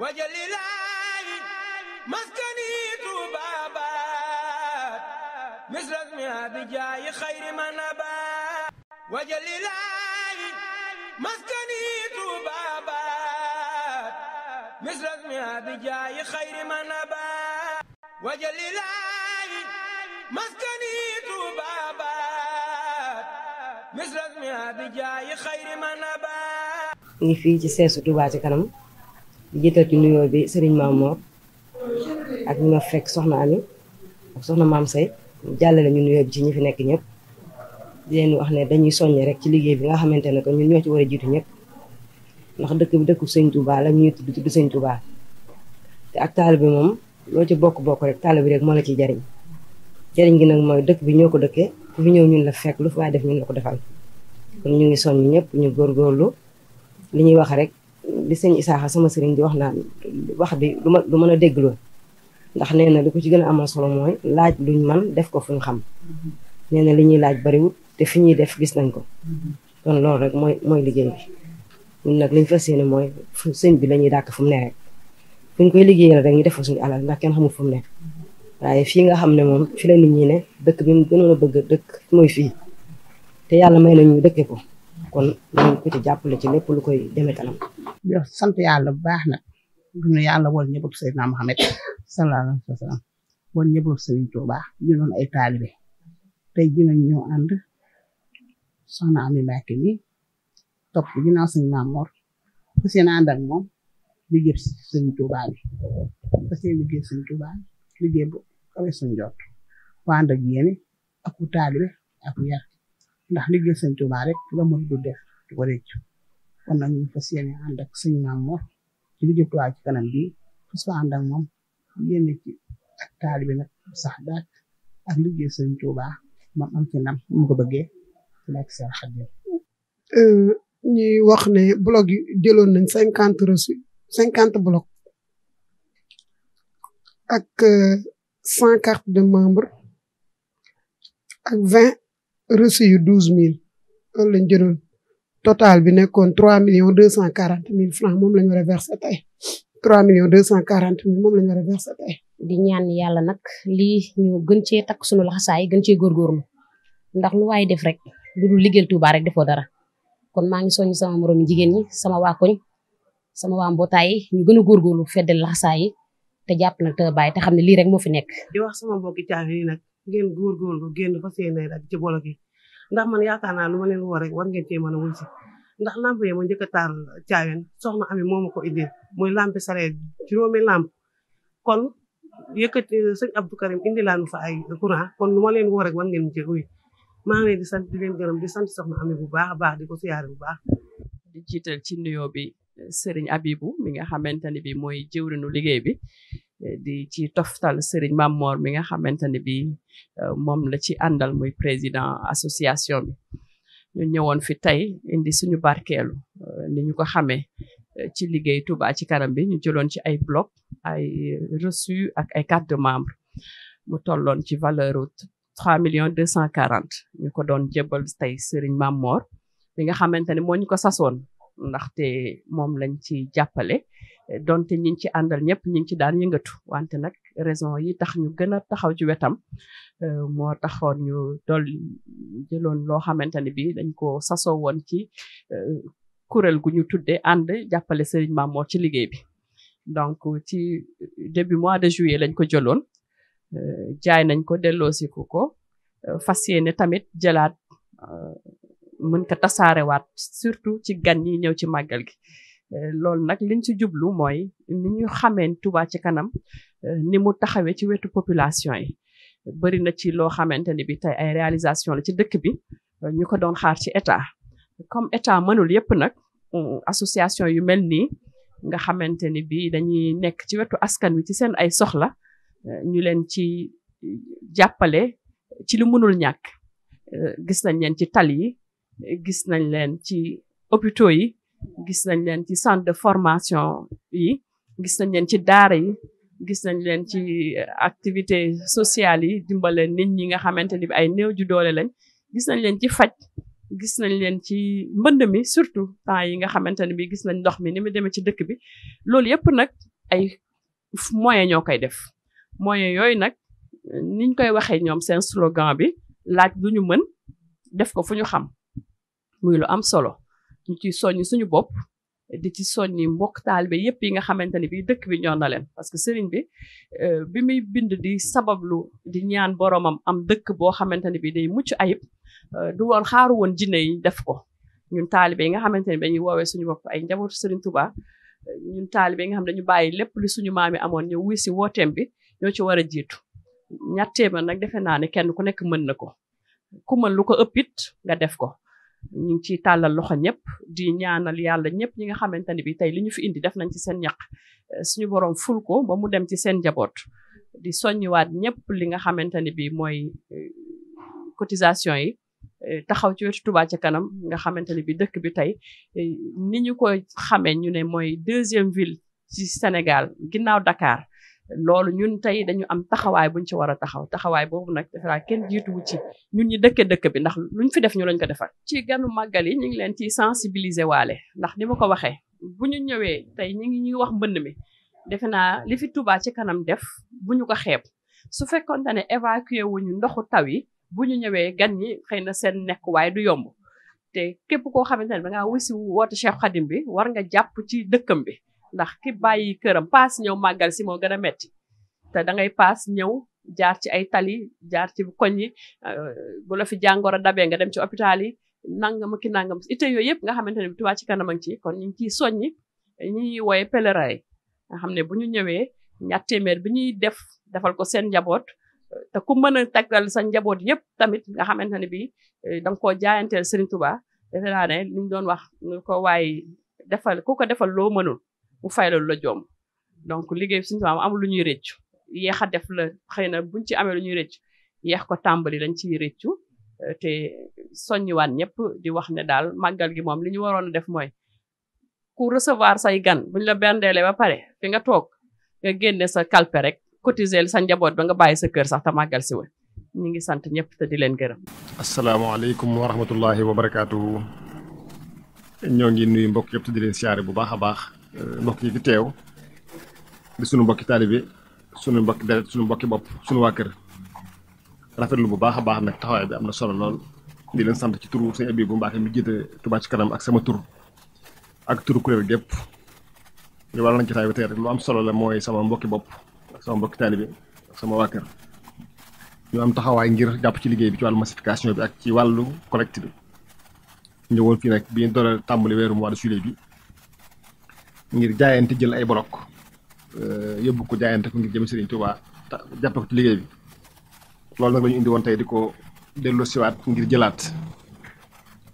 wajalilaayi maskani tubaabaat misras mi abijaayi xayri manabaat wajalilaayi maskani tubaabaat misras mi abijaayi xayri manabaat wajalilaayi maskani tubaabaat misras mi abijaayi xayri manabaat. ñu ngi fii ci seesu Touba Ca Kanam. di jiital ci nuyoo bi Serigne Mamour ak ñi ma fekk soxna Ami ak soxna Maam Say jàllale ñu nuyoo bi ci ñi fi nekk ñëpp di leen wax ne dañuy soññe rek ci liggéey bi nga xamante ne que ñun ñoo ci war a jiitu ñëpp ndax dëkk bi dëkku Sëñ Touba la ñuy tudd tudd Sëñ Touba te ak taal bi moom loo ci bokk-bokk rek taal bi rek moo la ciy jariñ jariñ gi nag mooy dëkk bi ñoo ko dëkkee ku fi ñëw ñun la fekk lu fi waaye def ñun la ko defal kon ñu ngi soññ ñëpp ñu góor góorgóorlu li ñuy wax rek li sëñ Isaaxa sama sëriñ di wax naan wax bi du ma du mën a déglu ndax nee na ko ci gën a amal solo mooy laaj luñ man def ko fuñ xam nee na li ñuy laaj bariwut te fi ñuy def gis nañ ko kon loolu rek mooy mooy liggéey bi ñun nag liñ fas yéene mooy sëñ bi la ñuy fu mu ne fuñ koy liggéeyal rek ñu def fa suñu alal ndax kenn xamul fu mu nekk waaye fii nga xam ne moom fi la nit ñi ne dëkk bi mu gënoon a bëgg dëkk mooy fii te yàlla may nañu dëkke ko kon nañ ko ci jàppale ci lépp lu koy demee kanam di sant yàlla bu baax nag dunu yàlla wal ñëbul Seydina Muhammad sallallahu alayhi wa sallam wal ñëbul Sëriñ Tuuba ñu doon ay taalibe tey jina ñu ànd soxna Ami Mbàkke mi topp ginnaaw sëñ Maam Mor fas yéene ànd ak moom liggéey Sëriñ Tuuba bi fas yéene liggéey Sëriñ Tuuba liggéey bu yar ndax liggéey Sëriñ Tuuba rek la mën du def du kon nag ñu fas yéene ànd ak sëñ Maam kanam bi fas fa ànd ak moom yéene ci ak sax daak ak liggéey sëñ Touba moom am ci nam mu ko bëggee ci laaj seen xadim euh, ñuy wax ne blog yi jëloon nañ cinquante reçu cinquante blog ak euh, cent cartes de membre ak vingt reçu yu douze mille loolu lañ jëloon total bi nekkoon trois millions deux cent quarante mille francs moom la ñu reversé tey trois millions deux cent quarante mille moom la ñu di ñaan yàlla nag lii ñu gën cee takk sunu laxasaay gën cee góorgóorlu ndax lu waaye def rek lu dul liggéeyal Tuubaa rek defoo dara kon maa ngi soññ sama moroom jigéen ñi sama waa koñ sama waa mbootaay yi ñu gën a góorgóorlu feddal laxasaay yi te jàpp nag te bàyyi te xam ne lii rek moo fi nekk. di wax sama mbokki caafi yi nag ngeen góorgóorlu génn fa seen ak ci bolo ndax man yaakaar naa lu ma leen woo rek war ngeen cee mën a wuñ si ndax lamp yi ma njëkk a taal caaween soxna Ami moo ma ko indi muy lamp sareet juróomi lamp kon yëkkati sëñ Abdou Karim indi laanu fa ay courant kon lu ma leen woo rek war ngeen cee wuy maa ngi leen di sant di leen gërëm di sant soxna Ami bu baax a baax di ko siyaare bu baax. di jiital ci nuyoo bi Serigne Abibou mi nga xamante ne bi mooy jëwrinu liggéey bi di ci toftal Serigne Mamor mi nga xamante ne bi euh, moom la ci àndal muy président association bi ñu ñëwoon fi tey indi suñu barkeelu euh, ni ñu ko xamee euh, ci liggéey Touba ci kanam bi ñu jëloon ci ay bloc ay reçu ak ay carte de membre mu tolloon ci valeur trois millions deux cent quarante ñu ko doon jébal tey Serigne Mamor bi nga xamante ne moo ko sasoon ndaxte moom lañ ci jàppale donte ñi ngi ci àndal ñëpp ñi ngi ci daan yëngatu wante nag raison yi tax ñu gën a taxaw ci wetam euh, moo taxoon ñu dool jëloon loo xamante ne bi dañ ko sasoo woon ci euh, kuréel gu ñu tuddee ànd jàppale Serigne Mamour ci liggéey bi donc ci début mois de juillet lañ ko jëloon euh, jaay nañ ko delloosiku ko fas yéene tamit jëlaat mën ko tasaarewaat surtout ci gan yi ñëw ci màggal gi Euh, loolu nag liñ ci jublu mooy ni ñu xameen Touba ci kanam euh, ni mu taxawee ci wetu population yi bëri na ci loo xamante ni bi tey ay réalisation la ci dëkk bi euh, ñu ko doon xaar ci état comme état mënul yépp nag association yu mel nii nga xamante ni bi dañuy nekk ci wetu askan wi ci seen ay soxla ñu leen ci jàppale ci lu mënul ñàkk gis nañ leen ci tal yi gis nañ leen ci hôpitaux yi gis nañ leen ci centre de formation yi gis nañ leen ci daara yi gis nañ leen ci eh, activité sociale yi dimbale nit ñi nga xamante ni bi ay néew ju doole lañ gis nañ leen ci faj gis nañ leen ci mbënd mi surtout temps yi nga xamante ne bi gis nañ ndox mi ni mu demee ci dëkk bi loolu yëpp nag ay moyen ñoo koy def moyen yooyu nag niñ koy waxee ñoom seen slogan bi laaj lu ñu mën def ko fu ñu xam muy lu am solo ñu ciy soññi suñu bopp di ci soññi mbokk taalibe yëpp yi nga xamante ne bi dëkk bi ñoo na leen parce que sëriñ bi euh, bi muy bind di sabablu di ñaan boromam am dëkk boo xamante ne bi day mucc ayib euh, du woon xaaru woon jinne yi def ko ñun taalibe yi nga xamante ne bi dañuy woowee suñu bopp ay njabootu sëriñ Tuuba ñun taalibe yi nga xam dañu bàyyi lépp li suñu maam yi amoon ñëw wuy si wooteem bi ñoo ci war a jiitu ñattee ma nag defe naa ne kenn ku nekk mën na ko ku mën lu ko ëppit nga def ko ñu ngi ciy tàllal loxo ñëpp di ñaanal yàlla ñëpp ñi nga xamante ne bi tey li ñu fi indi def nañ ci seen ñaq eh, suñu borom ful ko ba mu dem ci seen njaboot di soññiwaat ñëpp li nga xamante ne bi mooy eh, cotisation yi eh, taxaw ci wetu Touba ca kanam nga xamante ne bi dëkk bi tey ni ñu koy xamee ñu ne mooy deuxième ville ci Sénégal ginnaaw Dakar loolu ñun tey dañu am taxawaay buñ ci war a taxaw taxawaay boobu nag defe naa kenn jiituwu ci ñun ñi dëkke dëkk bi ndax luñ fi def ñu lañ ko defal. ci ganu màggal yi ñu ngi leen ciy sensibiliser waale ndax ni ma ko waxee bu ñu ñëwee tey ñu ngi ñuy wax mbënd mi defe naa li fi Touba ci kanam def bu ñu ko xeeb su fekkoon ne évacuer wuñu ndoxu taw yi bu ñu ñëwee gan ñi xëy na seen nekk waaye du yomb te képp koo xamante ne da ngaa wisi woote Cheikh Khadim bi war nga jàpp ci dëkkam bi. ndax ki bàyyi këram paas ñëw màggal si moo gën a metti te da ngay paas ñëw jaar ci ay tali jaar ci koñ yi euh, bu la fi jàngoro dabee nga dem ci hôpital yi nangam ki nangam ite yooyu yëpp nga xamante ne bi Touba ci kanam ci kon ñu ngi ciy soññi ñi ñuy wooye pèlerin nga xam ne bu ñu ñëwee ñaar téeméer bi ñuy def defal ko seen njaboot te ku mën a taggal sa njaboot yëpp tamit nga xamante ne bi euh, da nga koo jaayanteel Serigne Touba defe naa ne li ñu doon wax ko waaye defal ku ko defal loo mënul bu fay loolu la joom donc liggéey suñu maam amul lu ñuy rëccu yeex a def la xëy na buñ ci amee lu ñuy rëccu yeex ko tàmbali lañ ciy rëccu euh, te soññiwaat ñëpp di wax ne daal màggal gi moom li ñu waroon def mooy ku recevoir say gan buñ la bendeele ba pare fi nga toog nga génne sa kalpe rek cotiser sa njaboot ba nga bàyyi sa kër sax te màggal si woon ñu ngi sant ñëpp te di leen gërëm. asalaamaaleykum wa rahmatullahi wa barakaatu. ñoo ngi nuyu mbokk yëpp te di leen siyaare bu baax a baax. mbokk yi fi teew di sunu mbokki taalibe sunu mbokki deret sunu mbokki bopp sunu waa kër rafetlu bu baax a baax nag taxawaay bi am na solo lool di leen sant ci turu bu Abibu Mbacke mi jiite Touba ci kanam ak sama tur ak turu kuréel gépp li waral nañ ci taay bi tey rek lu am solo la mooy sama mbokki bopp ak sama mbokki taalibe sama waa kër ñu am taxawaay ngir jàpp ci liggéey bi ci wàllu massification bi ak ci wàllu collecte bi ñëwoon fii nag bi ñu dooleel weeru mois de juillet bi ngir jaayante jël ay bolok euh, yóbbu ko jaayante ko ngir jëm Serigne Touba jàppe ko ci liggéey bi nag la ñu indi woon tey di ko dellu siwaat ngir jëlaat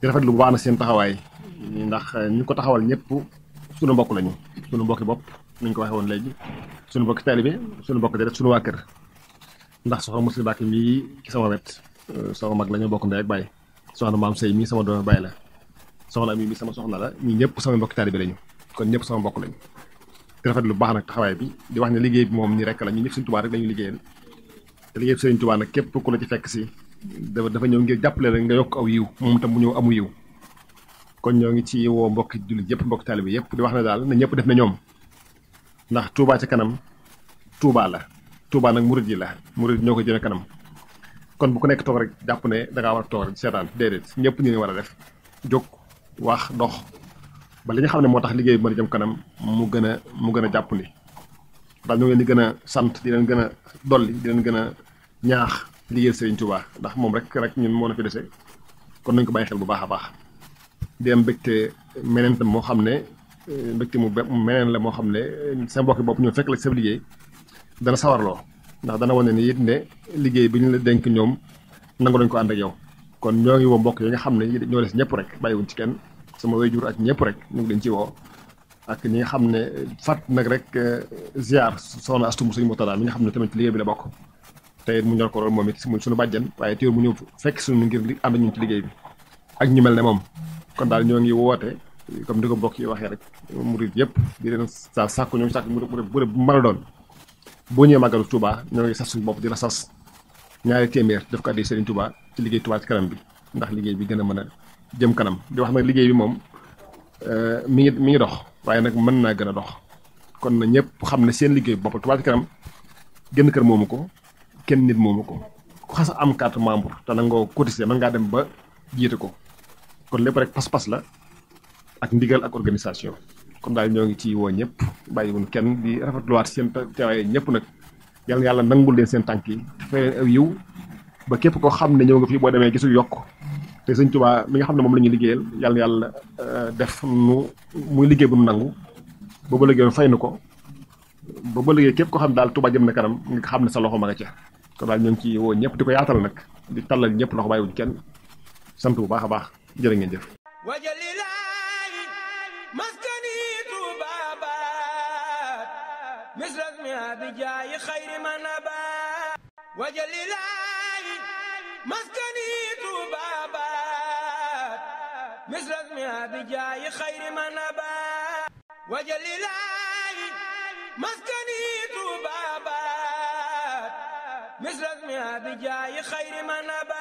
di lu bu baax na seen taxawaay ndax euh, ñu ko taxawal ñëpp sunu mbokk lañu sunu mbokki bopp nuñ ko waxe woon léegi suñu mbokki taalibe suñu mbokk deret suñu waa kër ndax soxna Muslim Mbàkke mii sama wet euh, sama mag la bokk ndey ak bàyyi soxna maam sëy mii sama doom bàyyi la soxna am mii sama soxna la ñii ñëpp sama mbokki taalibe lañu kon ñëpp sama mbokk lañ di rafet lu baax nag taxawaay bi di wax ne liggéey bi moom nii rek la ñu ñëpp Serigne Touba rek la ñu liggéeyal te liggéey bi Serigne nag képp ku la ci fekk si dafa dafa ñëw ngir jàppale rek nga yokk aw yiw moom tam mu ñëw amu yiw kon ñoo ngi ci woo mbokki jullit yëpp mbokki taalibe yëpp di wax ne daal na ñëpp def na ñoom ndax tuubaa ca kanam tuubaa la tuubaa nag murid yi la murid ñoo ko jëme kanam kon bu ko nekk toog rek jàpp ne danga ngaa war a toog rek seetaan ñëpp ñu ngi war a def jóg wax dox ba li nga xam ne moo tax liggéey bi mën a kanam mu gën a mu gën a jàppandi daal ñu ngi di gën a sant di leen gën a dolli di leen gën a ñaax liggéey sa Serigne Touba ndax moom rek rek ñun moo na fi dese kon nañ ko bàyyi xel bu baax a baax di am mbégte moo xam ne euh, mbégte mu meneen la moo xam ne euh, seen mbokki bopp ñoom fekk la seen liggéey dana sawarloo ndax dana wane ni it liggéey bi ñu la dénk ñoom nangu nañ ko ànd ak yow kon ñoo ngi woo mbokk yi nga xam ne ñoo des ñëpp rek bàyyiwuñ ci kenn sama wayjur ak ñëpp rek ñu ngi leen ci woo ak ñi nga xam ne fàtt nag rek eh, ziar soxna astum suñu Murtada mi nga xam ne tamit ci liggéey bi la bokk tey mu ñor ko lool moom it suñu bàjjan waaye téer mu ñëw fekk suñu ngir li ànd ñun ci liggéey bi ak ñu mel ne moom kon daal ñoo ngi woote comme ni ko mbokk yi waxee rek murid yëpp di leen sa sàkku ñoo ngi sàkk murid bu mën a doon boo ñëwee màggalu Touba ñoo ngi sas suñu bopp di la sas ñaari téeméer daf ko addi Serigne Touba ci liggéey bi ndax liggéey bi gën a mën a jëm kanam di wax nag liggéey bi moom euh, mi ngi mi ngi dox waaye nag mën naa gën a dox kon na ñëpp xam ne seen liggéey bopp Touba Ca Kanam génn kër moomu ko kenn nit moomu ko ku xas am carte membre te nangoo cotiser mën ngaa dem ba jiite ko kon lépp rek pas-pas la ak ndigal ak organisation kon daal ñoo ngi ci woo ñëpp bàyyiwun kenn di rafetluwaat seen teewaay ñëpp nag yàlla yàlla nangul leen seen tànk yi dafay leen aw yiw ba képp koo xam ne ñëw nga fii boo demee gisul yokk te sëñ Tuubaa mi nga xam ne moom la ñu liggéeyal yàlla yàlla euh, def nu muy liggéey bu mu nangu ba ba liggéey fay na ko ba ba liggéey képp ko xam daal Tuubaa jëm na kanam nga xam ne sa loxo ma nga daal ñu ci woo ñëpp di ko yaatal nag di tallal ñëpp loxo bàyyiwuñ kenn sant bu baax a baax jërë ngeen jëf رسمها بجاي خير من أبا وجل إلهي مسكني طوبابات مثل رسمها بجاي خير من أبا